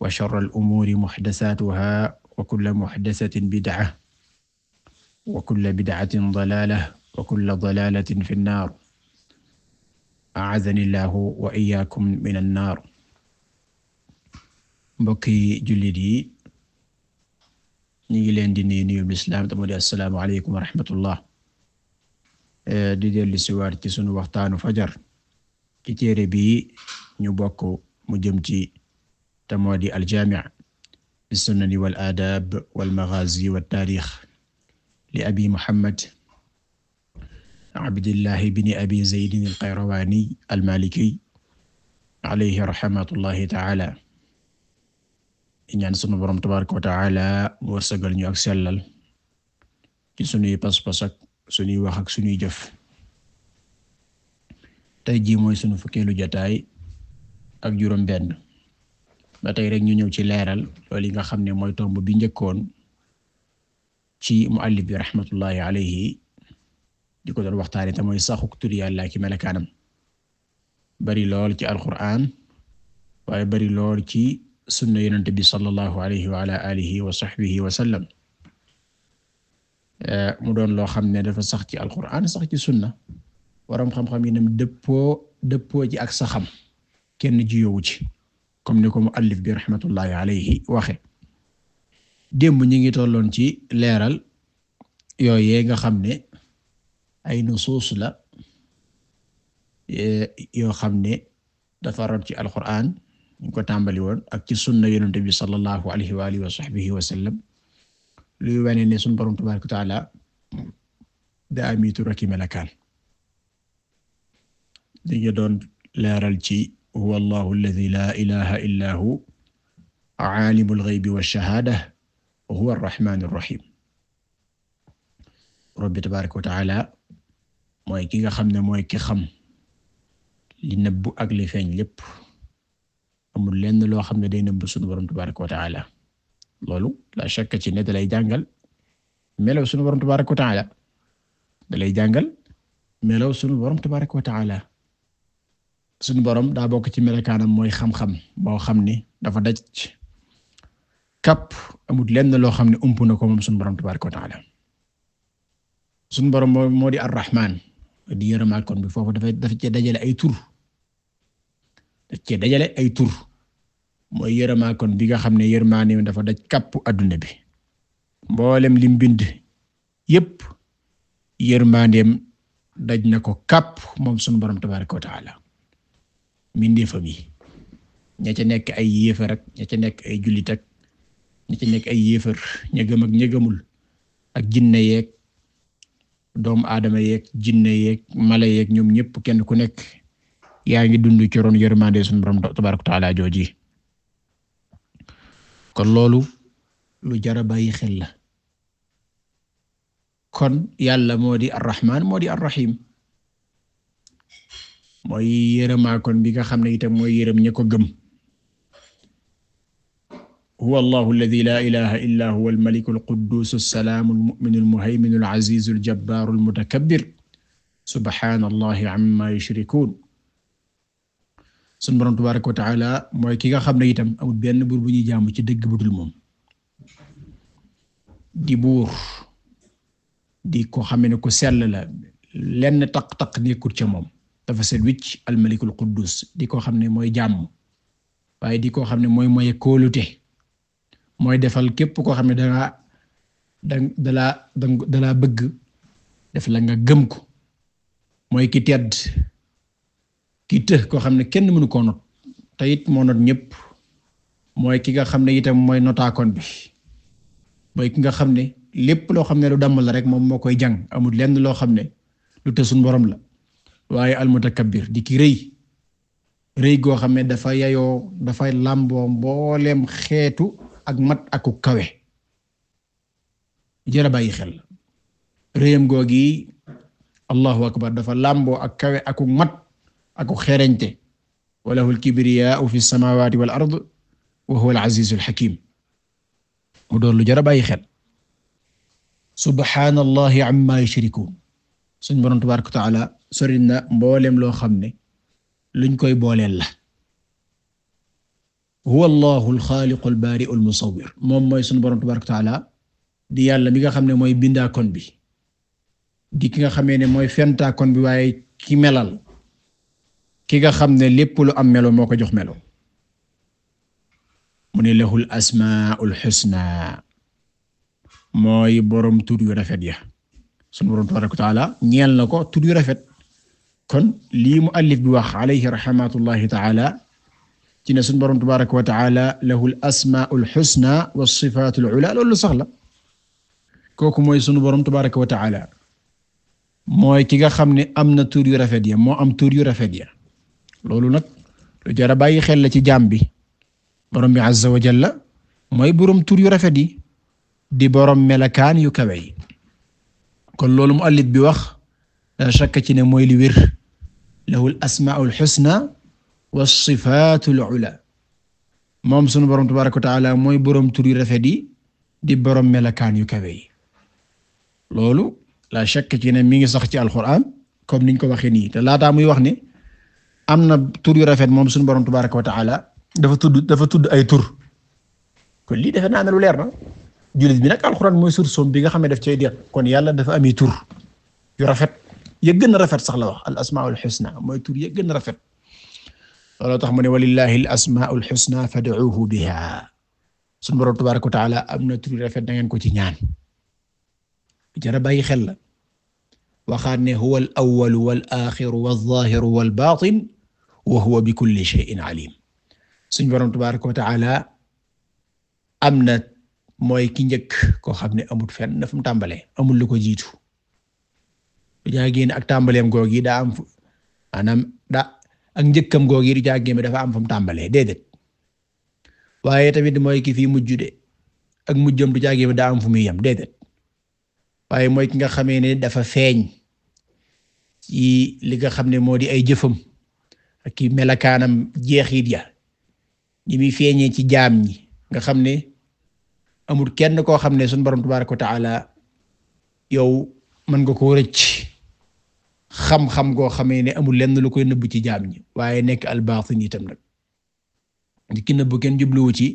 wa sharral umuuri muhdasaatuhaa wa kulla muhdasatin bid'a wa kulla bid'atin dalaala wa kulla dalaalatin fi nnaar a'aazani llaahu wa iyyaakum mina nnaar mbokki jullit yi ñu ngi leen di nuyu nuyub lislaam tamu di assalaamu aleykum wa rahmatullah eh, di dellu si waat ci sunu waxtaanu fajar ci bi ñu bokk te moo di aljaamic bi sunani wal aadaab li abi muhammad abdillahi bni abi zaydin alqayrawaani almaliki alayhi rahmatullahi taala ñaan sunu boroom tabaraka wa taala wërsëgal ñu ak sellal ci sunuy pas-pas ak sunuy wax ak sunuy mooy sunu fukkeelu jataay ak juróom benn ba rek ñu ñëw ci leeral loolu yi nga xam ne mooy tomb bi njëkkoon ci muallif bi rahmatullahi alayhi di ko doon waxtaane te mooy saxuk turi yàlla ki melakaanam bari lool ci alquran waaye bari lool ci sunna yonent bi sallallahu alayhi wa ala alihi wa sahbihi wa sallam eh, mu doon loo xam ne dafa sax ci alquran sax ci sunna waram xam-xam yi nam dëppoo dëppoo ci ak saxam kenn jiyowu ci comme ni ko mu allif bi rahmatullahi waxe démb ñi ngi tolloon ci leeral yooyee nga xam ne ay nusuus la e, yoo xam ne dafa ci alquran ñu ko tàmbali woon ak ci sunna yonent bi sallallahu alayhi wa alihi wa sahbihi wa sallam luy wane ne sunu borom tabaraka wa taala da amitu raki malakaan doon leeral ci huwa allahu alladi laa ilaha illa hu aalimul ghaybi wash-shahaada wa huwa ar-rahmaanir rahiim rabbi tabaaraka wa ta'aala mooy ki nga xam ne mooy ki xam li nëbbu ak li feeñ lépp amul lenn loo xam ne day nëbbu sunu borom tabaaraka wa ta'aala loolu la shakka ci ne dalay jàngal melaw sunu borom tabaaraka wa ta'aala dalay jàngal melaw sunu borom tabaaraka wa ta'aala suñu borom daa bokk ci melokaanam mooy xam-xam boo xam ni dafa daj kàpp amut lenn loo xam ne ump na ko moom suñu borom tabaaraka suñu borom moo di ar di yërëmaal bi foofu dafay dafa cee dajale ay tur daf cee dajale ay tur mooy yërëmaal bi nga xam ne yërmaane dafa daj kàpp adduna bi mboolem lim bind yépp yërmaandeem daj na ko kàpp moom suñu borom tabaaraka mbindeefam yi ña ca nekk ay yéefar ak ña ca nekk ay jullit ak ña nekk ay yéefar ña gëm ak ña gëmul ak jinne yeeg doomu aadama yeeg jinne yeeg mala yeeg ñoom ñëpp kenn ku nekk yaa ngi dund ci ron yërmande sunu borom tabaaraka wa taala jooji kon loolu lu jara bàyyi xel la kon yàlla moo di arrahman moo di arrahim mooy yërëmaakon bi nga xam ne itam mooy yërëm ña ko gëm huwa allahu alladi laa illa huwa almaliku alquddus alsalaamu almuminu almuhayminu alazizu aljabbaaru almutakabbir subhaana allahi amma yushrikuun sunu boroom tabaaraka wa mooy ki nga xam ne itam amul benn buur bu ñuy jaamu ci dëgg budul moom di buur di ko xam ne ku sell la taq-taq nekkul ca moom dafa set wicc almalikul quddus di koo xam ne mooy jàmm waaye di koo xam ne mooy moye kóolute mooy defal képp koo xam ne dangaa da dalaa dalaa bëgg def la nga gëm ko mooy ki tedd ki të koo xam ne kenn mënu koo not te it moo not ñëpp mooy ki nga xam ne itam mooy notaakoon bi mooy ki nga xam ne lépp loo xam ne lu dàmm la rek moom moo koy jàng amul lenn loo xam ne lu tësun borom la waaye almutakabbir di ki rëy rëy goo xam ne dafa yayoo dafay làmboo mbooleem xeetu ak mat aku kawe jërë bàyyi xel rëyam googi allahu akbar dafa làmboo ak kawe aku mat aku xereñte wa lahu al-kibriyaa'u fi as-samaawaati wal ard wa huwa al-'aziizu al-hakiim mu doon lu jërë bàyyi xel suñ borom tabaaraka wa taala sori na mbooleem loo xam ne luñ koy booleel la huwa allahu alxaaliqu albaari'u almusawwir moom mooy suñu borom tabaaraka wa taala di yàlla mi nga xam ne mooy bindaakon bi di ki nga xamee ne mooy fentaakon bi waaye ki melal ki nga xam ne lépp lu am melo moo ko jox melo mu ne lahul asmaa'ul husnaa mooy borom tur yu rafet ya sunu borom tabaaraka wa taala ñeel na ko tudd yu rafet kon lii mu muallif bi wax alayhi rahmatullahi taala ci ne sunu borom tabaaraka wa taala lahu al asmaa'u al husna wa sifaatu al sax la kooku mooy sunu borom tabaaraka wa taala mooy ki nga xam ne am na tuur yu rafet ya moo am tuur yu rafet ya loolu nag lu jar a bàyyi xel la ci jaam bi borom bi azza wa jalla mooy borom tuur yu rafet yi di borom melakaan yu kawe yi kon loolu mu muallif bi wax la shakka ci ne mooy li wér lahu al asmaa'ul husna wa sifaatul ula moom sunu borom tabaaraka wa taala mooy borom tur yu rafet yi di borom melakaan yu kawe yi loolu la shakka ci ne mi ngi sax ci alquran comme niñ ko waxee nii te laataa muy wax ne am na tur yu rafet moom sunu borom tabaaraka wa taala dafa tudd dafa tudd ay tur kon lii defe naa ne leer na. jullit bi nag alxuraan mooy source bi nga xam ne daf cay deq kon yàlla dafa amee tur yu rafet ya gën a rafet sax la wax al asmaul xusna mooy tur ya gën a rafet looloo tax mu ne walillahi al asmaul xusna fad'uuhu biha sunu borom tabaaraka wa taala am na tur yu rafet da ngeen ko ci ñaan jara bàyyi xel la waxaat ne huwa al awwal wal aaxiru wal zaahiru wal baatin wa huwa bi kulli shay'in alim sunu borom tabaaraka wa taala am na mooy ki njëkk koo xam ne amul fen fu mu tàmbalee amul lu ko jiitu du jaagéen ak tàmbaleem googu yi daa am maanaam daa ak njëkkam googu yi du jaagéen dafa am fu mu tàmbalee déedéet waaye tamit mooy ki fi mujj de ak mujjam du jaagéen daa am fu muy yem déedéet waaye mooy ki nga xamee ne dafa feeñ ci li nga xam ne moo di ay jëfam ak ki melakaanam jeexit ya ni feeñee ci jaam ñi nga xam ne. amul kenn koo xam ne sunu borom tabaaraka ala yow mën nga koo rëcc xam-xam goo xamee ne amul lenn lu koy nëbbu ci jaam ñi waaye nekk albaatin itam nag di ki nëbbu kenn jubluwu ci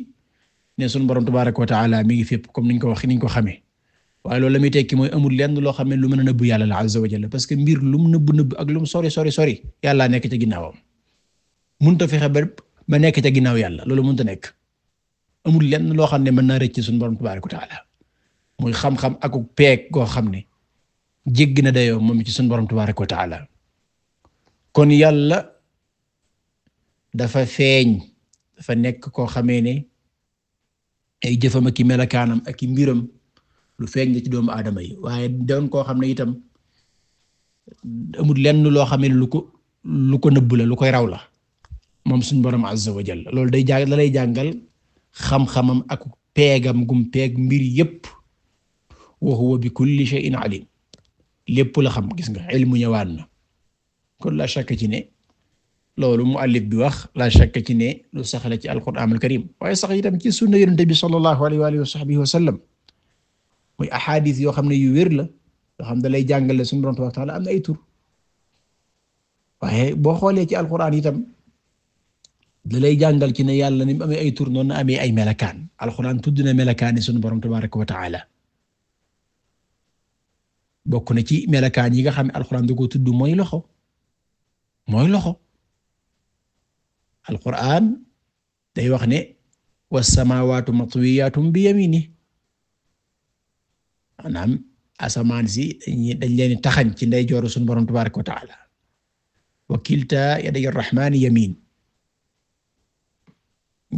ne sunu borom tabaaraka wa taala mi ngi fépp comme niñ ko wax niñ ko xamee waaye loolu la muy tekki mooy amul lenn loo xam ne lu mën a nëbbu yàlla la azza wa jalla parce que mbir lum nëbbu nëbbu ak lum sori sori sori yàllaa nekk ca ginnaawam mënut a fexe ba ba nekk ca ginnaaw yàlla loolu mënut a nekk. amul lenn loo xam ne mën naa rëcc suñu borom tabaaraka wa taala muy xam-xam ak peeg goo xam ne jéggi na dayoo moom ci suñu borom tabaaraka wa taala kon yàlla dafa feeñ dafa nekk koo xamee ne ay jëfam ak i melakaanam ak i mbiram lu feeñ la ci doomu aadama yi waaye doon koo xam ne itam amul lenn loo xam lu ko ko nëbb la lu koy raw la moom suñu borom azza wa jalla loolu day jàng lay jàngal. xam-xamam ak peegam gum peeg mbir yépp wa huwa bi kulli shay'in alim lépp la xam gis nga ilmu ñëwaan na kon la shakka ci ne loolu muallif bi wax la shakka ci ne lu sax la ci alqur'an alkarim waaye sax itam ci sunna yonent bi sallallahu alayhi wa alihi wa sahbihi wa yoo xam ne yu wér la yoo xam da lay jàngale sunu borom tabaaraka ta'ala am ay tur waaye boo xoolee ci alqur'an itam da lay jàngal ci ne yàlla ni mu ay tur noonu amee ay melakaan alxuraan tudd na melakaan yi sunu borom tabaaraka wa bokk na ci melakaan yi nga xam ne alxuraan da ko tudd mooy loxo mooy loxo alxuraan day wax ne was-samaawaatu matwiyaatun bi yamiini maanaam asamaan si dañ leen taxañ ci ndeyjooru sunu borom tabaaraka wa taala wa kiltaa yaday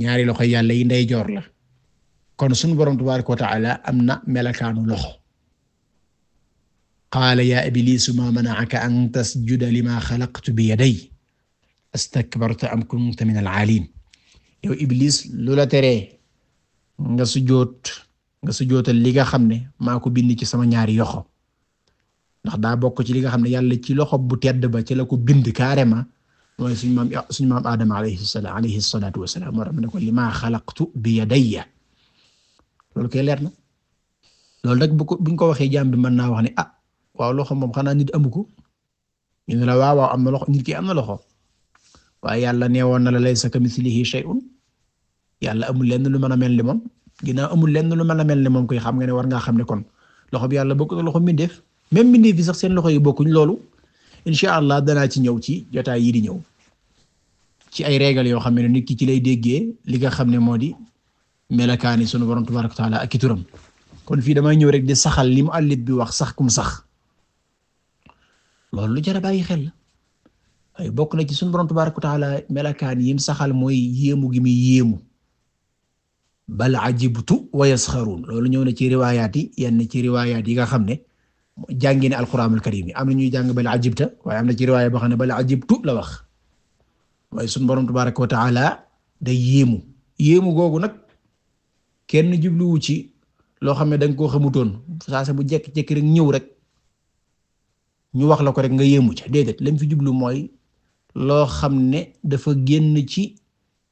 ñaari loxo yàlla yi ndeyjoor la kon sunu borom tabaaraka wa am na melakaanu loxo qaala ya ibliisu maa mana'aka an tasjuda limaa xalaqtu bi astakbarta am kunta min al-aaliin yow iblis lu la nga sujjóot nga sujjóotal li nga xam ne maa ko bind ci sama ñaari yoxo ndax daa bokk ci li nga xam ne yàlla ci loxo bu tedd ba ci la ko bind carrément mooy suñu maam suñu maam Adama alayhi salaam alayhi salaatu wa salaam moo tax ko li maa xalaqtu bi yadayya loolu kay leer na loolu nag bu ko bu ko waxee jaam bi mën naa wax ne ah waaw loxo moom xanaa nit amu ko ñu ne la waaw waaw am na loxo nit ki am na loxo waaye yàlla neewoon na la laysa kamithlihi shay'un yàlla amul lenn lu mën a mel ni moom ginnaaw amul lenn lu mën a mel ni moom koy xam nga ne war ngaa xam ne kon loxo bi yàlla bokkul loxo mbindeef même mbindeef bi sax seen loxo yi bokkuñ loolu. incha allah danaa ci ñëw ci jotaay yi di ñëw ci ay régal yoo xam ne nit ki ci lay déggee li nga xam ne moo di melakaani sunu borom tabaaraka wa taala ak kon fii damay ñëw rek di saxal li muallif bi wax sax kum sax loolu lu jar a bàyyi xel ay bokk na ci sunu borom tabaaraka wa taala melakaan yim saxal mooy yéemu gi muy yéemu bal ajibtu wa yasxaruun loolu ñëw na ci riwaayaat yi yenn ci yi nga xam ne. jàngine alxuraanul karim yi am na ñuy jàng bal ajibta waaye am na ci riwaaya boo xam ne bal ajibtu la wax waaye sunu borom tabaaraka wa taala day yéemu yéemu googu nag kenn jubluwu ci loo xam ne da ko koo xamutoon saa sa bu jekki-jekki rek ñëw rek ñu wax la ko rek nga yéemu ca déedéet lañ fi jublu mooy loo xam ne dafa génn ci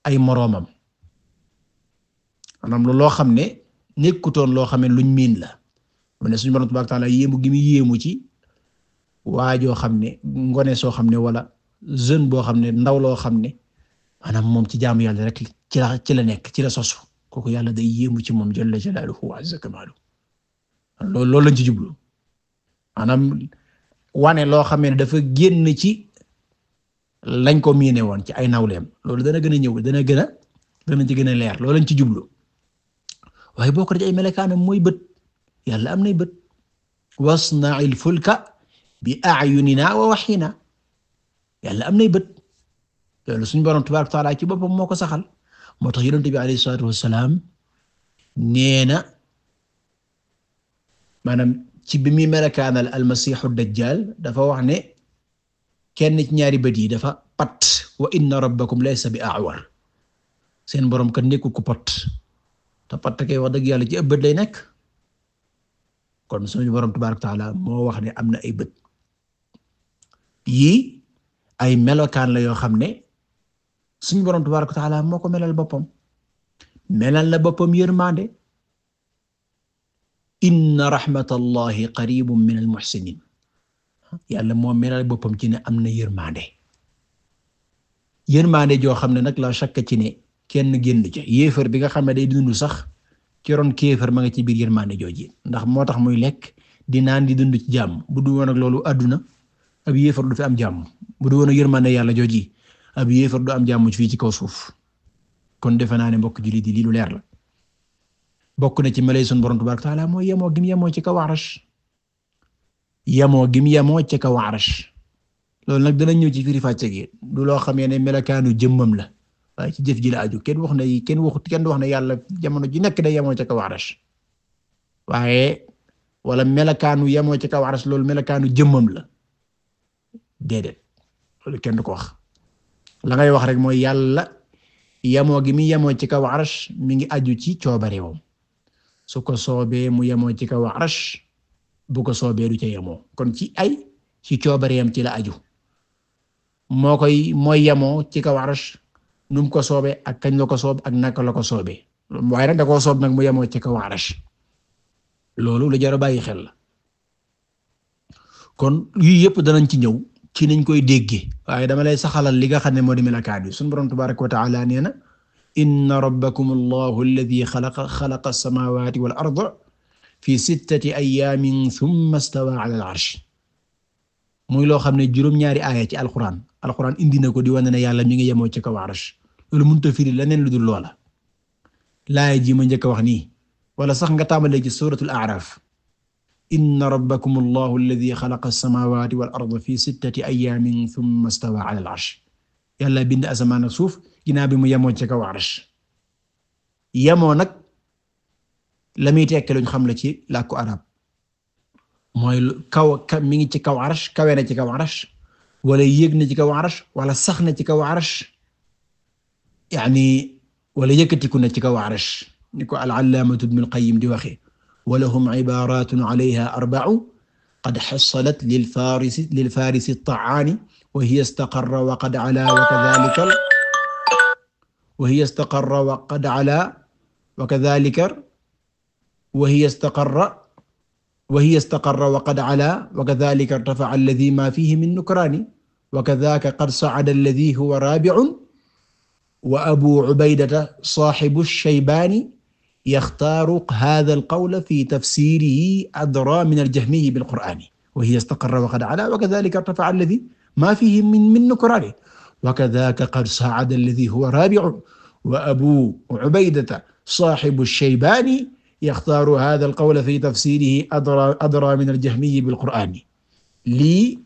ay moroomam maanaam loo xam ne nekkutoon loo xam ne luñ miin la mu ne suñu borom tabaaraka taala yéemu gi mu yéemu ci waajoo xam ne ngone soo xam ne wala jeune boo xam ne ndaw loo xam ne maanaam moom ci jaamu yàlla rek ci la ci la nekk ci la kooku yàlla day yéemu ci moom jalla jalaaluhu wa azza kamaalu loolu loolu lañ ci jublu maanaam wane loo xam ne dafa génn ci lañ ko miine woon ci ay nawleem loolu dana gën a ñëw dana gën a dana ci gën a leer loolu lañ ci jublu waaye boo ko def ay melokaanam mooy bët. yàlla am nay bët wasna'il fulka bi a'yunina wa wahyina yàlla am nay bët loolu suñu borom tabaaraka wa ta'aala ci boppam moo ko saxal moo tax yonent bi alayhi salaatu wassalaam nee na maanaam ci bi muy melakaanal almasiixu dajjaal dafa wax ne kenn ci ñaari bët yi dafa pat wa inna rabbakum laysa bi a'war seen borom kat nekkul ko pat te pat kay wax dëgg yàlla ci ëpp bët lay nekk kon suñu borom tabaaraka taala moo wax ne am na ay bët yii ay melokaan la yoo xam ne suñu borom tabaaraka taala moo ko melal boppam melal na boppam yërmande inna rahmatallahi qaribun minal muhsinin yàlla moo melal boppam ci ne am na yërmande yërmande joo xam ne nag la shakka ci ne kenn génn ca yéefar bi nga xam ne day dund sax ci ron kéefar ma nga ci biir yërmande jooji ndax moo tax muy lekk di naan di dund ci jàmm bu du woon loolu àdduna ab yéefar du fi am jàmm bu du woon ak yërmande yàlla jooji ab yéefar du am jàmm fii ci kaw suuf kon defe naa ne mbokk jullit lu leer la bokk na ci melay sun borom tabaaraka mooy yemoo gim yemoo ci kaw arash yemoo gim yemoo ci kaw arash loolu nag danañ ñëw ci firi fàcce gi du loo xamee ne melakaanu jëmmam la waaye ci jëf ji la aju kenn wax na kenn waxut kenn wax na yàlla jamono ji nekk day yemoo ca kaw arash waaye walla melakaanu yemoo ci kaw arash loolu melekaanu jëmmam la déedéet loolu kenn du ko wax la ngay wax rek mooy yàlla yemoo gi mi yemoo ci kaw arash mi ngi aju ci coobareewam su ko soobee mu yemoo ci kaw arash bu ko soobee du ca yemoo kon ci ay ci coobareeyam ci la aju moo koy mooy yemoo ci kaw nu ko soobee ak kañ la ko soob ak naka la ko soobee waaye nag da koo soob nag mu yemoo ci kaw arash loolu la jar a bàyyi xel la kon yii yëpp danañ ci ñëw ci niñ koy déggee waaye dama lay saxalal li nga xam ne moo di melakaat yi sunu borom tabaaraka wa ta'aala nee na inna rabbakum allahu alladhi xalaqa xalaqa as-samaawaati wal arda fi sittati ayyaamin thumma istawaa ala al-arsh muy loo xam ne juróom-ñaari aaya ci alquran alquran indi na ko di wane yàlla mi ngi yemoo ci kaw arash loolu mënut a firi leneen lu dul loola laay ji ma njëkk a wax nii wala sax nga tàmbalee ci suuratul A'raaf inna rabbakum allahu alladi xalaqa as-samaawaati wal arda fi sittati ayyaamin thumma istawaa ala al-'arsh yàlla bind asamaan ak suuf ginnaaw bi mu yemoo ci kaw arsh yemoo nag la muy tekki luñ xam la ci làkku arab mooy kaw mi ngi ci kaw arsh kawe na ci kaw arsh wala yéeg na ci kaw arsh wala sax na ci kaw arsh yaani wala yëkkatiku na ci kaw arsh ni ko al-allaamatu ibn al-qayyim di waxe wa lahum ibaratun alayha arba'u qad xasalat lilfarisi lilfarisi at-ta'aani wa hiya istaqarra wa qad ala wa kadhalika wa hiya istaqarra wa qad ala wa kadhalika wa hiya istaqarra wa hiya istaqarra wa qad ala wa kadhalika irtafa'a alladhi ma fihi min nukraani wa kadhaka qad sa'ada alladhi huwa raabi'un wa abu ubaydata saaxibu shaybaani yaxtaaru haadha alqawla fi tafsirihi adra min aljahmiyi bilqur'aani wa hiya istaqarra wa qad ala wa kadhalika irtafa'a alladhi ma fihi min min nukraani wa kadhaka qad saa'ada alladhi huwa raabi'un wa abu ubaydata saaxibu shaybaani yaxtaaru haadha alqawla fi tafsirihi adra adra min aljahmiyi bilqur'aani lii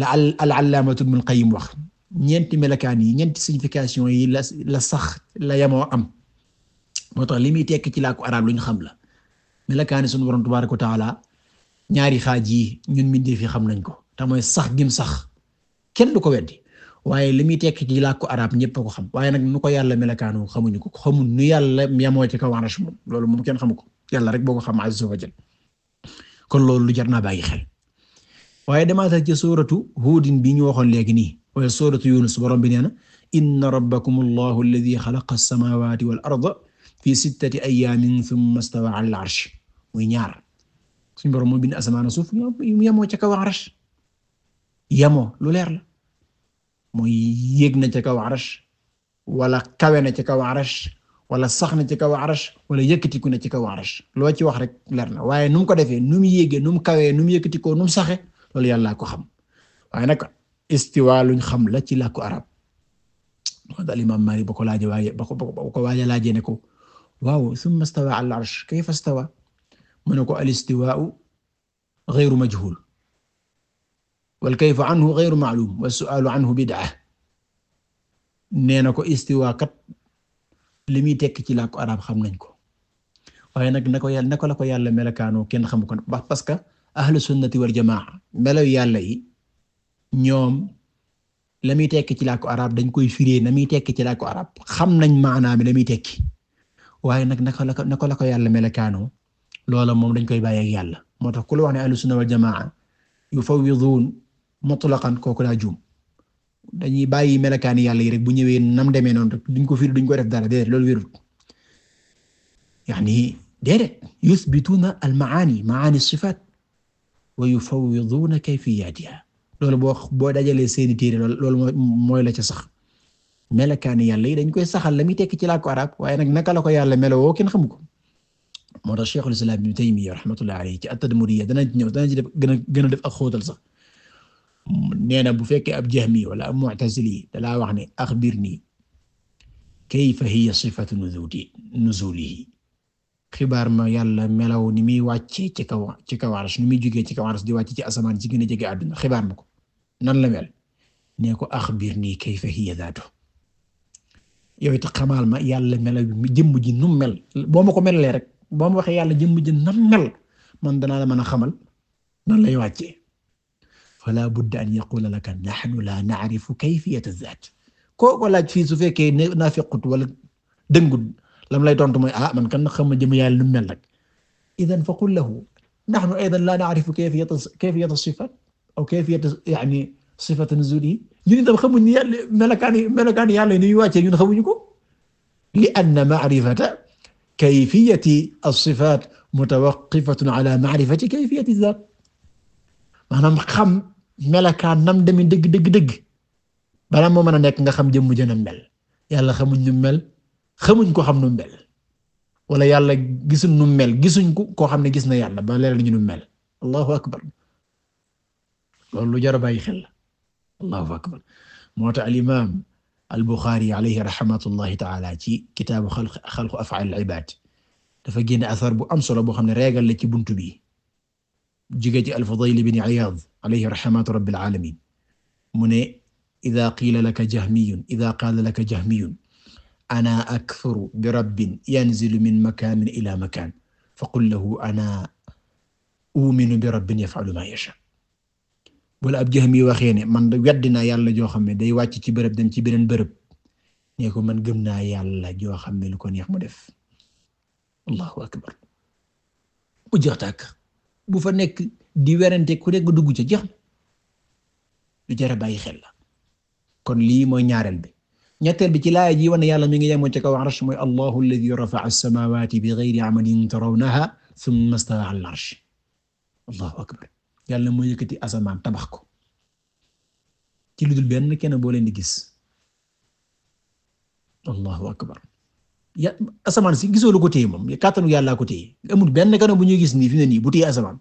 la al-allaamatu ibnul qayyim wax ñeenti melokaan yi ñeenti signification yi la la sax la yamoo am moo tax li muy tekki ci làkku arab lu xam la melokaani sunu borom tabaaraka wa taala ñaari xaaj yi ñun mbindeef fi xam nañ ko te mooy sax gim sax kenn du ko weddi waaye li muy tekki ci làkku arab ñëpp a xam waaye nag nu ko yàlla melokaanu xamuñ ko xamul nu yàlla yamoo ci kaw arsh moom loolu moom kenn xamu ko yàlla rek boo ko xam azza wa jal kon loolu lu jar bàyyi xel waaye demaata ci ñu waxoon léegi nii waaye suuratu Yunus borom bi nee na inna rabbakum allahu alladi xalaqa alsamawati wal arda fi sittati ayaamin thumma stawa ala al arsh muy ñaar suñu borom moo bind suuf yemoo ca kaw lu leer la mooy yéeg na ca kaw arsh wala kawe na ca kaw wala sax na ci kaw wala yëkkatiku na ci kaw arash loo ci wax rek leer na waaye nu mu ko defee nu mu yéegee nu mu kawee nu mu yëkkatikoo nu saxe loolu yàllaa ko xam waaye nag istiwa luñ xam la ci làkku arab wad al imam Maalik ba ko laaje waaye ba ko ba ko waaje laaje ne ko waaw summa stawa ala arsh kayfa stawa mu ne ko al istiwaa'u ghayru majhul wal kayfu anhu ghayru ma'lum wa su'aalu anhu bid'a nee na ko istiwa kat li muy tekki ci làkku arab xam nañ ko waaye nag na ko yàlla na ko la ko yàlla melakaanoo kenn xamu ko parce que ahlu sunnati wal jamaa melaw yàlla yi ñoom la muy tekki ci làkku arab dañ koy firé na muy tekki ci làkku arab xam nañ maanaam la muy tekki waaye nag lako la ko la ko yàlla melakaanoo loola moom dañ koy bàyyi ak yàlla moo tax ku la wax ne ahlu sunna wal jamaa yufawwiduun mutlaqan kooku daa juum dañuy bàyyi melakaani yàlla yi rek bu ñëwee nam demee noonu duñ ko firi dañ ko def dara déedéet loolu wérut yaani déedéet yusbituuna al maani maani sifaat wa yufawwiduuna loolu boo boo dajalee seeni téere loolu loolu mooy la ca sax melakaani yàlla yi dañ koy saxal la muy tekki ci làkku arab waaye nag naka la ko yàlla meloo kenn xamu ko moo tax Cheikhul Islam Ibn Taymiyya rahmatullahi alayhi ci at-Tadmuriyya dana ñëw dana ci def gën a gën a def ak xóotal sax nee na bu fekkee ab jahmi wala ab mu'tazili dalaa wax ne axbirni kayfa hiya sifatu nuzuli nuzulihi xibaar ma yàlla melaw ni muy wàcce ci kaw ci kaw arsh ni muy jógee ci kaw arsh di wàcc ci asamaan ci gën a jege àdduna xibaar ma ko nan la mel nee ko axbirnii kayfa hiya daatu yow it xamaal ma yàlla mela jëmm ji nu mel boo ma ko melalee rek boo ma waxee yàlla jëmm ji nam mel man danaa la mën a xamal nan lay wàccee falaa budda an yaqula laka nahnu laa na'rifu kayfiyata zaat koo ko laaj fii su fekkee naafiqut wala dëngut lam lay tontu mooy ah man kan na xam ma jëm yàlla nu mel rek idan fa qul lahu nahnu aydan laa na'rifu kayfiyata kayfiyata sifaat aw kayfiyata yaani sifata nuzuli ñun itam xamuñu yàlla melokaani melokaani yàlla yi ni ñuy wàccee ñun xamuñu ko li anna ma'rifata kayfiyati as-sifat mutawaqqifatun ala ma'rifati kayfiyati az-zat maanaam xam melokaan nam demi dëgg dëgg dëgg balaa moo mën a nekk nga xam jëmm jën a mel yàlla xamuñ nu mel xamuñ ko xam nu mel wala yàlla gisuñ nu mel gisuñ ko koo xam ne gis na yàlla ba leeral ñu nu mel allahu akbar loolu lu jar a bàyyi xel la allahu akbar moo tax al imaam al buxaari alayhi rahmatullahi taala ci kitaabu xalq xalqu af'aal al ibaad dafa génne asar bu am solo boo xam ne reegal la ci buntu bi jóge ci al fudayl bin iyaad alayhi rahmatu rabbil aalamiin mu ne idaa qiila laka jahmiyun idaa qaala laka jahmiyun ana akthuru bi rabbin yanzilu min makaanin ilaa makaan faqul lahu ana uuminu bi rabbin yaf'alu maa yashaa' bu la ab jaxam yi waxee ne man weddi naa yàlla joo xam ne day wàcc ci bërëb dem ci beneen bërëb ne ko man gëm naa yàlla joo xam ne lu ko neex mu def allahu akbar bu jeex tàkk bu fa nekk di werante ku nekk dugg ci jeex lu jar a bàyyi xel la kon lii mooy ñaareel bi ñetteel bi ci laaya ji wane yàlla mi ngi yemoo ca kaw arsh mooy allahu alladhi rafa'a as-samawati bighayri amadin tarawnaha thumma istawa ala al-arsh allahu akbar yàlla mooy yëkkati asamaan tabax ko ci lu dul benn kenn boo leen di gis allahu akbar ya asamaan si gisoo lu ko moom kàttanu yàllaa ko téye amul benn kenn bu ñuy gis nii fi ne nii bu téye asamaan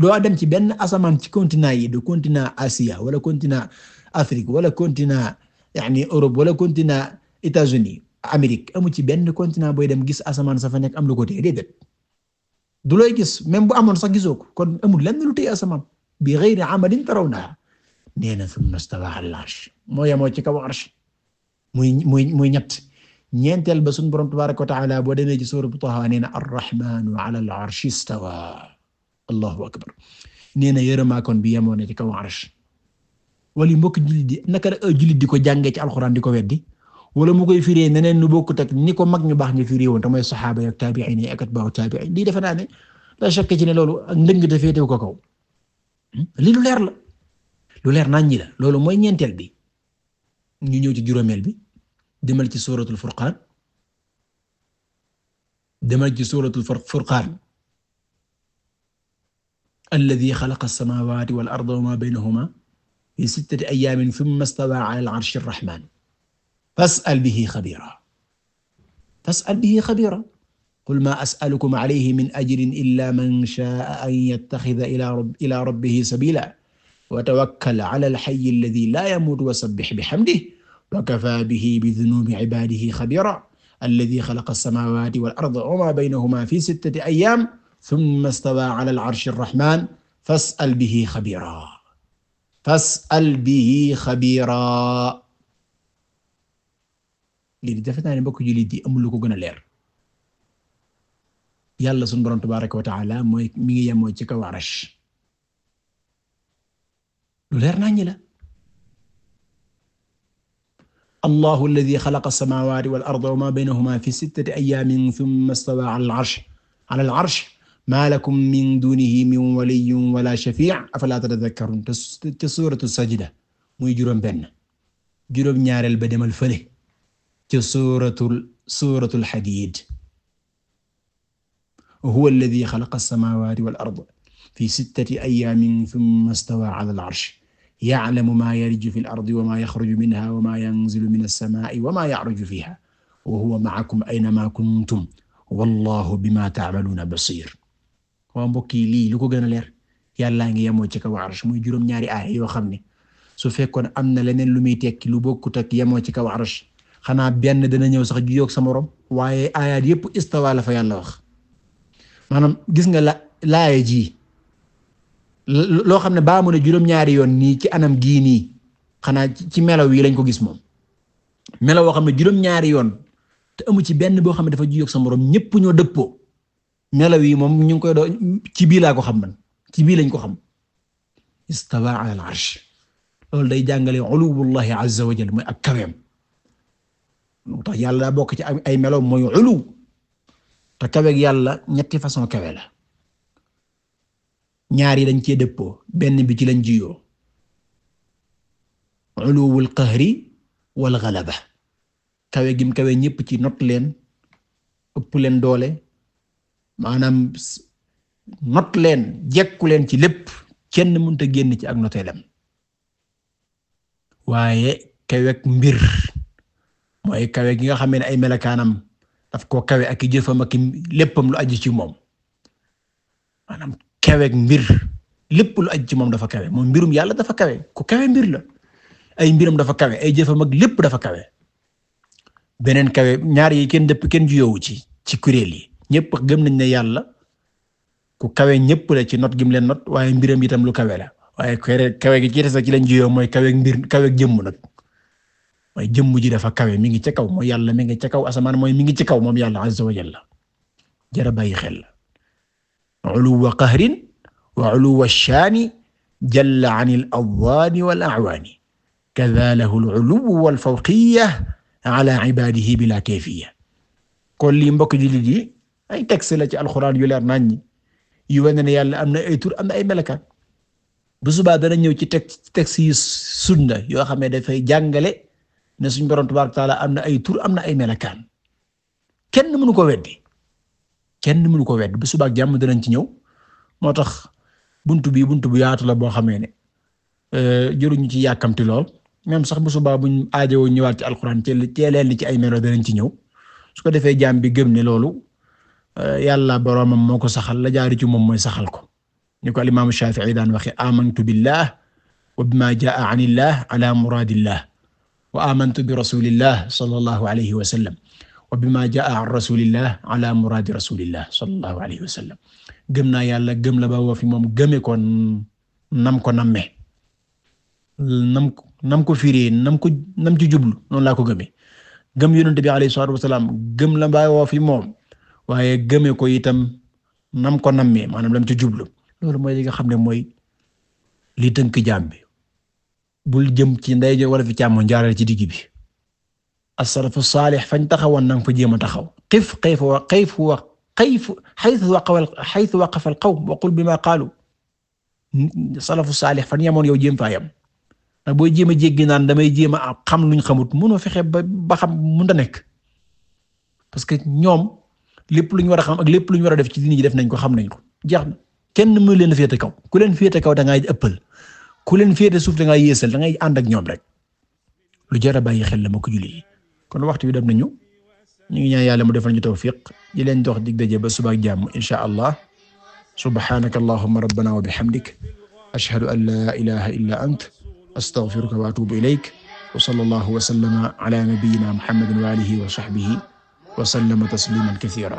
doo dem ci benn asamaan ci continent yi de continent Asia wala continent Afrique wala continent yaani Europe wala continent États-Unis Amérique amu ci benn continent booy dem gis asamaan sa fa nekk am lu ko téye du looy gis même bu amoon sax gisoo ko kon amul lenn lu téye asamaan bi ghayri amalin tarawnaha nee na thumma istawaa ala al-arsh moo yemoo ci kaw arsh muy muy muy ñett ñeenteel ba sunu borom tabaaraka wa ta'aala boo demee ci suuratu Taaha nee na ar-rahmaanu ala al-arshi istawaa allahu akbar nee na yërëmaakoon bi yemoo na ci kaw arsh wala mbokk jullit di naka la jullit di ko jàngee ci alxuraan di ko weddi wala mu koy firee neneen nu bokkut ak ni ko mag ñu baax ñu firee woon te mooy saxaaba yi ak taabi'iin yi ak atbaa'u taabi'iin lii defe naa ne la chokk ci loolu ak ndëng dafee teew ko kaw hmm? lii lu leer la lu leer nañ ñi loolu mooy ñeenteel bi ñu ñëw ci juróomeel bi demal ci suuratul furqaan demal ci suuratul furqaan alladhii xalaqa as-samaawaati wal arda wa maa baynahumaa fii sittati ayyaamin thumma stawaa 'alal 'arshir rahmaan fas'al bihi xabiira fas'al bihi xabiira qul maa as'alukum alayhi min ajrin illaa man shaa'a an yattaxida ilaa rabbihi sabiila wa tawakkal alal hayyi allazii laa yamuutu wa sabbih bihamdihi wa kafaa bihi bidunuubi ibaadihi xabiira allazii xalaqa as-samaawaati wal arda wa maa baynahumaa fii sittati ayyaam summa stawaa alal arshi ar-rahmaan fas'al bihi xabiira fas'al bihi xabiira lii di defe naa ne mbokk jullit yi amul lu ko gën a leer yàlla sunu borom tabaaraka wa taala mooy mi ngi yemoo ci kaw arash lu leer naa ñi la allahu alladi xalaqa alsamawati wal arda wa ma baynahuma fi sittati ayaamin thumma istawaa ala al-arsh ala al-arsh ma lakum min dunihi min waliyin wala shafic afala tatadakkarun te suuratu sajda muy juróom benn juróom ñaareel ba demal fële ci suuratul suuratul xadiid huwa allazii xalaqa as-samaawaati wal arda fii sittati ayyaamin summa stawaa alal arshi ya'lamu maa yaliju fil ardi wa maa yaxruju minhaa wa maa yanzilu minas samaa'i wa maa ya'ruju fiihaa wa huwa ma'akum aynamaa kuntum wallaahu bimaa ta'maluuna basiir. waa mbokk yi lii lu ko gën a leer yàllaa ngi yemoo ci kaw arsh muy juróom-ñaari aaya yoo xam ne su fekkoon am na leneen lu muy tekki lu bokkut ak yemoo ci kaw arsh xanaa benn dana ñëw sax ju yoog sa morom waaye aayaat yépp istawa la fa yàlla wax maanaam gis nga la laaya ji loo xam ne baa mu ne juróom-ñaari yoon nii ci anam gii nii xanaa ci melaw yi lañ ko gis moom melaw woo xam ne juróom-ñaari yoon te amu ci benn boo xam ne dafa ju yoog sa morom ñépp ñoo dëppoo melaw yi moom ñu ngi koy doo ci bii laa ko xam man ci bii lañ ko xam istawa ala al arsh day jàngale uluwullahi azza wa mooy ak kaweem moo tax yàlla daa bokk ci ay melo mooy ulu te kaweeg yàlla ñetti façon kawe la ñaar yi dañ cee dëppoo benn bi ci lañ jiyoo uluwul qahri wal ghalaba kawe gim kawe ñépp ci not leen ëpp leen doole maanaam not leen jekku leen ci lépp kenn mënta génn ci ak noteelam waaye kaweeg mbir mooy kawee gi nga xamee ne ay melakaanam daf koo kawe ak i léppam lu ajj ci moom maanaam kaweeg mbir lépp lu aju ci moom dafa kawe moom mbirum yàlla dafa kawe ku kawe mbir la ay mbiram dafa kawe ay jëfam ak lépp dafa kawe beneen kawe ñaar yi kenn dëpp kenn juyoowu ci ci kuréel yi ñëpp gëm nañ ne yàlla ku kawe ñëpp la ci not gim leen not waaye mbiram itam lu kawe la waaye kawe gi ci des ci lañ juyoo mooy kaweeg mbir kaweeg jëmm nag. mooy jëmm ji dafa kawe mi ngi ca kaw mooy yàlla mi ngi ca kaw asamaan mooy mi ngi ci kaw moom yàlla azza wa jalla jara bàyyi xel uluwa qahrin wa uluwa shaani jalla an al adwaani wal awaani kadaa lahu al uluwu wal fawqiyya ala ibaadihi bila kayfiyya kon lii mbokk jullit yi ay texte la ci alxuraan yu leer nañ yu wane ne yàlla am na ay tur am na ay melokaan bu subaa dana ñëw ci texte yi sunna yoo xam ne dafay jàngale ne suñ borom tabaaraka taala am na ay tur am na ay melakaan kenn mënu ko weddi kenn mënu ko weddi ba suba ak jàmm dinañ ci ñëw moo tax bunt bi bunt bu yaatu la boo xamee ne euh, jëruñu ci yàkkamti lool même sax bu subaa buñ aajowoo ñëwaat ci alxuraan teeleen li ci ay melo danañ ci ñëw su ko defee jaam bi gëm ne loolu euh, yàlla boromam moo ko saxal la jaari ci moom mooy saxal ko ni ko al imaamu Shaafi'i daan waxe amantu billah wa bima jaa anillah ala muradillah wa amantu bi rasulillah sallallahu alayhi wa sallam wa bima jaa an rasulillah ala muraadi rasulillah sallallahu alayhi wa sallam gëm naa yàlla gëm la ba woo moom gëme ko nam ko namme nam ko nam nam ko ci jublu noonu laa ko gëme gëm yonent bi alayhi salaatu wasalaam gëm la ba woo moom waaye gëme ko itam nam ko nammee maanaam lam ci jublu loolu mooy li nga xam ne mooy li tënk jaam bul jëm ci ndeyjoor wala fi càmmoñ jaaral ci digg bi as-salafu saalih fañ taxawoon nang fa jéem a taxaw qif kayfa wa kayf wa kayf haythu waqafa haythu waqafa al-qawm wa qul bima qaalu salafu saalih yow jéem faa yam ndax booy jéem a jéggi naan damay jéem a xam luñ xamut mënoo fexe ba ba xam mënut a nekk parce que ñoom lépp lu ñu war xam ak lépp lu ñu war a def ci diini ji def nañ ko xam nañ ko jeex kenn mënu leen a féete kaw ku leen féete kaw dangaa ngaa ëppal ku leen féete suuf da ngaa yéesal da ngay ànd ak ñoom rek lu jar a bàyyi xel la ma ko julli kon waxtu wi dem nañu ñu ngi ñaan yàlla mu defal ñu tawfiq di leen dox dig daje ba suba ak jàmm insha allah subhanaka allahumma rabbana wa bihamdik ashhadu an la ilaha illa ant astaghfiruka wa atubu ilayk wa sallallahu wa sallama ala nabiyyina muhammadin wa alihi wa sahbihi wa sallama tasliman kathira